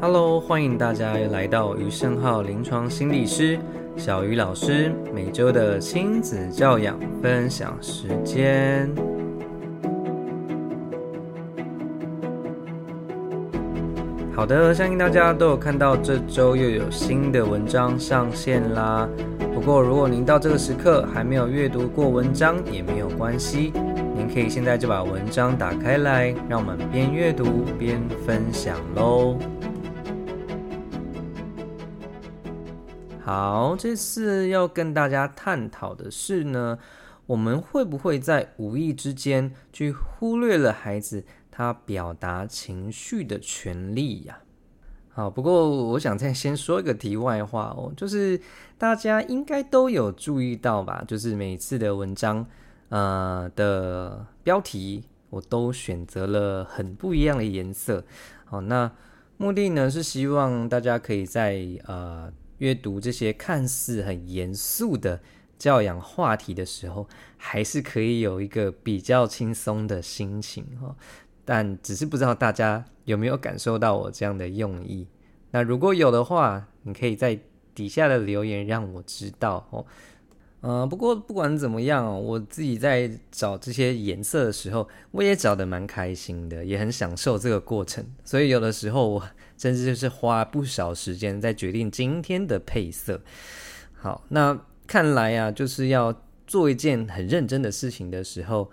Hello，歡迎大家來到余勝皓臨床心理師小魚老師每周的親子教養分享時間。好的，相信大家都有看到這周又有新的文章上線啦。不過如果您到這個時刻還沒有閱讀過文章，也沒有關係，您可以現在就把文章打開來，讓我們邊閱讀邊分享嘍。好，這次要跟大家探討的是呢，我們會不會在無意之間去忽略了孩子他表達情緒的權利呀，啊？好，不過我想再先說一個題外話哦，就是大家應該都有注意到吧？就是每次的文章，呃，的標題，我都選擇了很不一樣的顏色。好，那目的呢，是希望大家可以在呃。閱讀這些看似很嚴肅的教養話題的時候，還是可以有一個比較輕鬆的心情。但只是不知道大家有沒有感受到我這樣的用意？那如果有的話，你可以在底下的留言讓我知道哦。呃、嗯，不過不管怎麼樣，我自己在找這些顏色的時候，我也找得蠻開心的，也很享受這個過程。所以有的時候，我甚至就是花不少時間在決定今天的配色。好，那看來啊，就是要做一件很認真的事情的時候，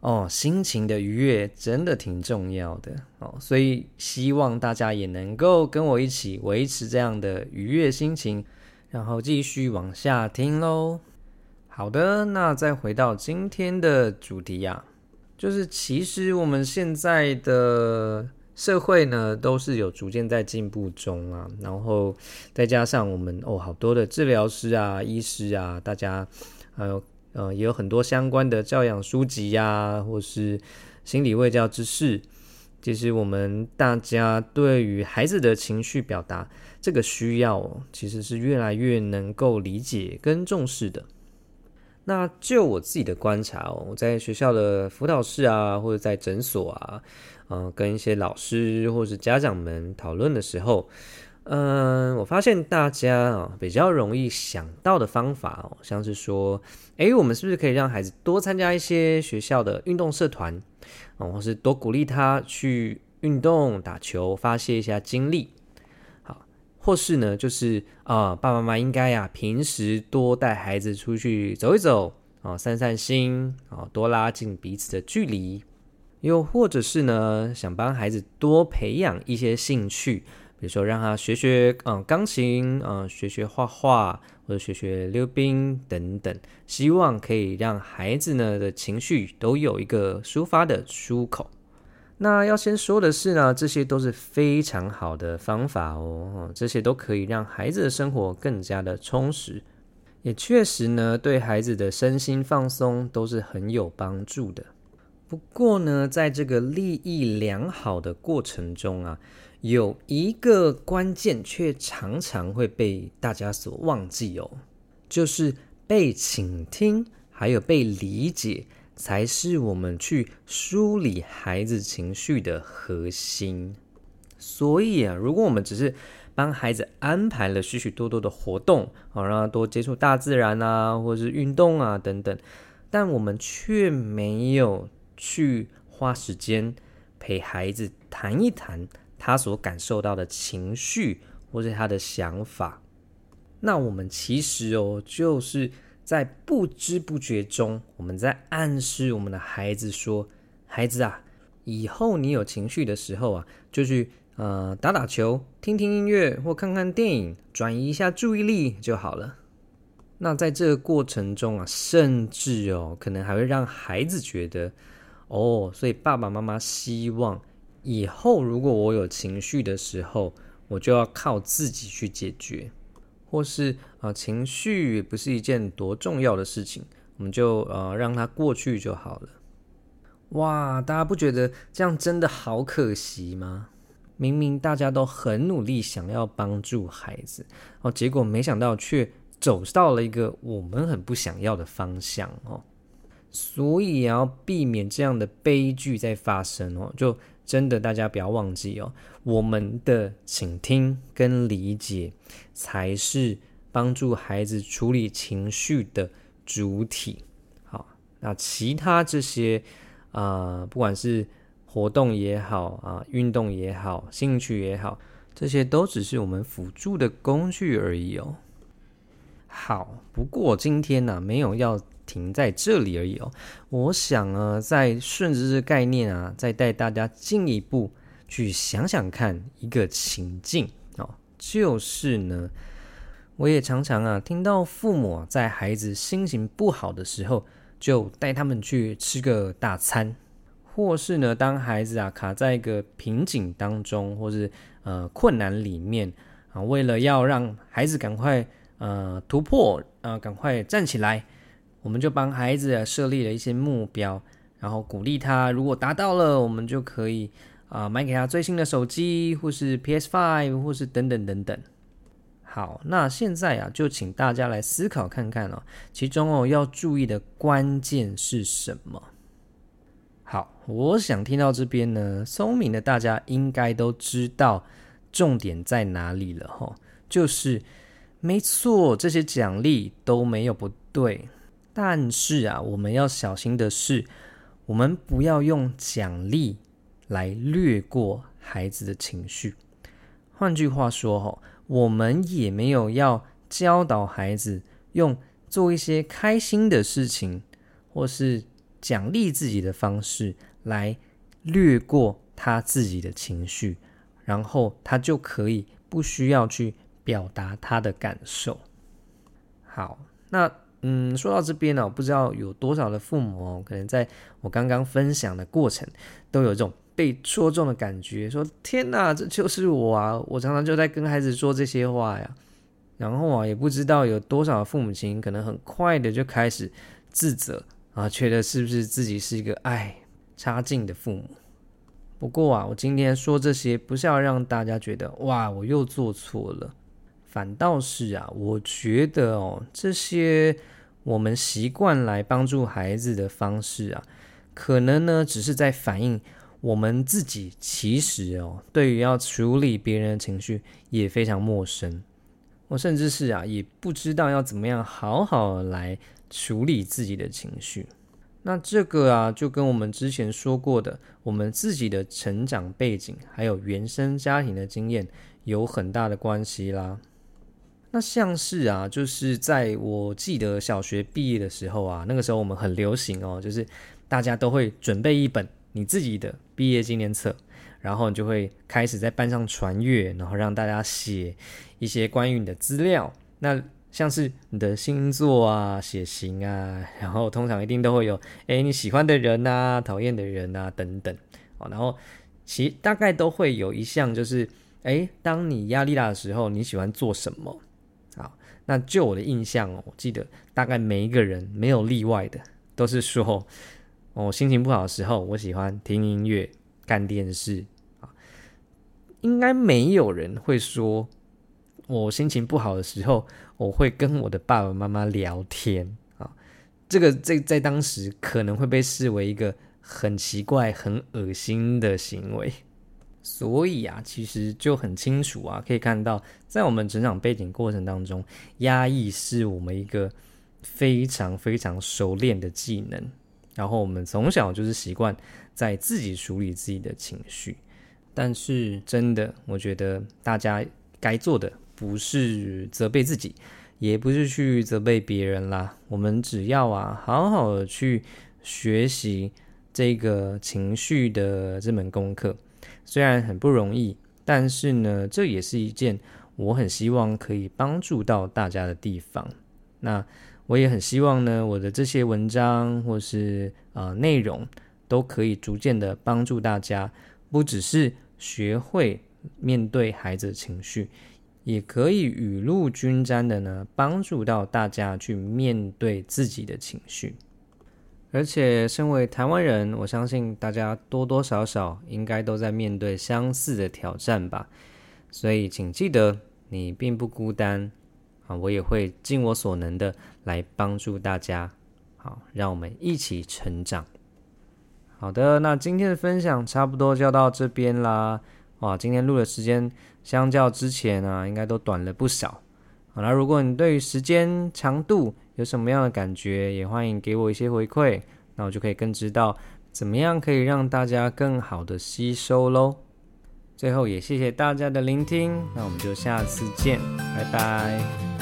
哦，心情的愉悅真的挺重要的哦。所以希望大家也能夠跟我一起維持這樣的愉悅心情，然後繼續往下聽嘍。好的，那再回到今天的主題呀、啊，就是其實我們現在的社會呢，都是有逐漸在進步中啊。然後再加上我們哦，好多的治療師啊、醫師啊，大家還有呃、呃，也有很多相關的教養書籍呀、啊，或是心理衛教知識。其實我們大家對於孩子的情緒表達這個需要，其實是越來越能夠理解跟重視的。那就我自己的觀察哦，我在學校的輔導室啊，或者在診所啊，嗯、呃，跟一些老師或是家長們討論的時候，嗯、呃，我發現大家啊、哦、比較容易想到的方法哦，像是說，誒，我們是不是可以讓孩子多參加一些學校的運動社團，嗯、呃，或是多鼓勵他去運動、打球、發洩一下精力。或是呢，就是啊，爸爸媽媽應該呀、啊，平時多帶孩子出去走一走啊，散散心啊，多拉近彼此的距離。又或者是呢，想幫孩子多培養一些興趣，比如說讓他學學嗯、啊、鋼琴嗯、啊，學學畫畫，或者學學溜冰等等，希望可以讓孩子呢的情緒都有一個抒發的出口。那要先說的是呢、啊，這些都是非常好的方法哦，這些都可以讓孩子的生活更加的充實，也確實呢對孩子的身心放鬆都是很有幫助的。不過呢，在這個立意良好的過程中啊，有一個關鍵卻常常會被大家所忘記哦，就是被傾聽還有被理解。才是我們去梳理孩子情緒的核心。所以啊，如果我們只是幫孩子安排了許許多多的活動，好讓他多接觸大自然啊，或者是運動啊等等，但我們卻沒有去花時間陪孩子談一談他所感受到的情緒，或是他的想法，那我們其實哦，就是。在不知不覺中，我們在暗示我們的孩子說：“孩子啊，以後你有情緒的時候啊，就去呃打打球、聽聽音樂或看看電影，轉移一下注意力就好了。”那在這個過程中啊，甚至哦，可能還會讓孩子覺得：“哦，所以爸爸媽媽希望以後如果我有情緒的時候，我就要靠自己去解決。”或是啊、呃，情緒不是一件多重要的事情，我們就呃讓它過去就好了。哇，大家不覺得這樣真的好可惜嗎？明明大家都很努力想要幫助孩子，哦，結果沒想到卻走到了一個我們很不想要的方向哦。所以也要避免這樣的悲劇在發生哦，就。真的，大家不要忘記哦，我們的傾聽跟理解才是幫助孩子處理情緒的主體。好，那其他這些，啊、呃、不管是活動也好啊、呃，運動也好，興趣也好，這些都只是我們輔助的工具而已哦。好，不過今天呢、啊，沒有要。停在這裡而已哦。我想呢、啊，再順着這個概念啊，再帶大家進一步去想想看一個情境哦，就是呢，我也常常啊聽到父母啊在孩子心情不好的時候，就帶他們去吃個大餐，或是呢，當孩子啊卡在一個瓶頸當中，或是呃困難裡面啊，為了要讓孩子趕快呃突破啊、呃，趕快站起來。我們就幫孩子啊、設立了一些目標，然後鼓勵他。如果達到了，我們就可以啊、呃、買給他最新的手機，或是 PS5，或是等等等等。好，那現在啊，就請大家來思考看看哦，其中哦要注意的關鍵是什麼？好，我想聽到這邊呢，聰明的大家應該都知道重點在哪裡了哈、哦，就是沒錯，這些獎勵都沒有不對。但是啊，我們要小心的是，我們不要用獎勵來掠過孩子的情緒。換句話說，哈，我們也沒有要教導孩子用做一些開心的事情，或是獎勵自己的方式來掠過他自己的情緒，然後他就可以不需要去表達他的感受。好，那。嗯，說到這邊呢，我不知道有多少的父母、哦、可能在我剛剛分享的過程，都有這種被戳中的感覺，說天哪，這就是我啊！我常常就在跟孩子說這些話呀。然後啊，也不知道有多少父母親可能很快的就開始自責啊，覺得是不是自己是一個哎差勁的父母。不過啊，我今天說這些不是要讓大家覺得哇，我又做錯了，反倒是啊，我覺得哦這些。我們習慣來幫助孩子的方式啊，可能呢只是在反映我們自己，其實哦對於要處理別人的情緒也非常陌生，我甚至是啊也不知道要怎麼樣好好來處理自己的情緒。那這個啊就跟我們之前說過的，我們自己的成長背景，還有原生家庭的經驗有很大的關係啦。那像是啊，就是在我記得小學畢業的時候啊，那個時候我們很流行哦，就是大家都會準備一本你自己的畢業紀念冊，然後你就會開始在班上傳閱，然後讓大家寫一些關於你的資料。那像是你的星座啊、血型啊，然後通常一定都會有，哎，你喜歡的人吶，討厭的人吶，等等。哦，然後其實大概都會有一項就是，哎，當你壓力大的時候，你喜歡做什麼？那就我的印象哦，我記得大概每一個人沒有例外的都是說，我，哦，心情不好的時候，我喜歡聽音樂、看電視。啊，應該沒有人會說，我心情不好的時候，我會跟我的爸爸媽媽聊天啊。這個在在當時可能會被視為一個很奇怪、很噁心的行為。所以啊，其實就很清楚啊，可以看到，在我們成長背景過程當中，壓抑是我們一個非常非常熟練的技能。然後我們從小就是習慣在自己處理自己的情緒，但是真的，我覺得大家該做的不是責備自己，也不是去責備別人啦。我們只要啊，好好的去學習這個情緒的這門功課。雖然很不容易，但是呢，這也是一件我很希望可以幫助到大家的地方。那我也很希望呢，我的這些文章或是啊、呃、內容，都可以逐漸的幫助大家，不只是學會面對孩子的情緒，也可以雨露均沾的呢，幫助到大家去面對自己的情緒。而且身為台灣人，我相信大家多多少少應該都在面對相似的挑戰吧。所以請記得，你並不孤單啊！我也會盡我所能的來幫助大家。好，讓我們一起成長。好的，那今天的分享差不多就到這邊啦。哇，今天錄的時間相較之前啊，應該都短了不少。好啦，如果你對於時間長度，有什麼樣的感覺，也歡迎給我一些回饋，那我就可以更知道怎麼樣可以讓大家更好的吸收嘍。最後也謝謝大家的聆聽，那我們就下次見，拜拜。